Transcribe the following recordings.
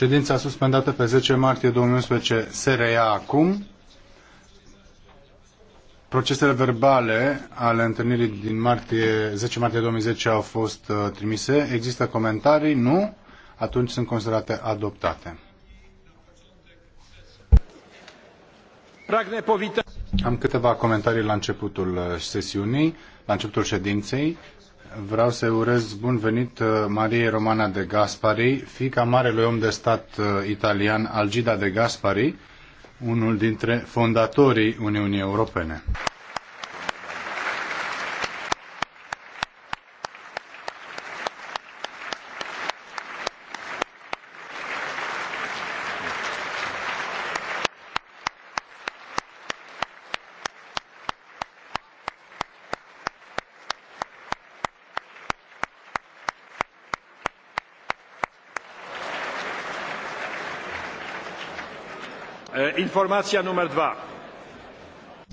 Ședința suspendată pe 10 martie 2011 se reia acum. Procesele verbale ale întâlnirii din martie, 10 martie 2010 au fost uh, trimise. Există comentarii? Nu? Atunci sunt considerate adoptate. Am câteva comentarii la începutul uh, sesiunii, la începutul ședinței. Vreau să urez bun venit uh, Mariei Romana de Gaspari, fica marelui om de stat uh, italian Algida de Gaspari, unul dintre fondatorii Uniunii Europene. Eh, informația număr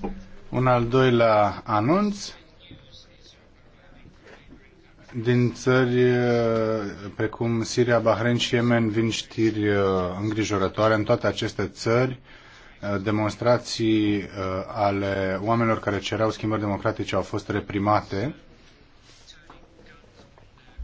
2. Un al doilea anunț din țări eh, precum Siria, Bahrain și Yemen vin știri eh, îngrijorătoare. În toate aceste țări, demonstrații ale oamenilor care cereau schimbări democratice au fost reprimate.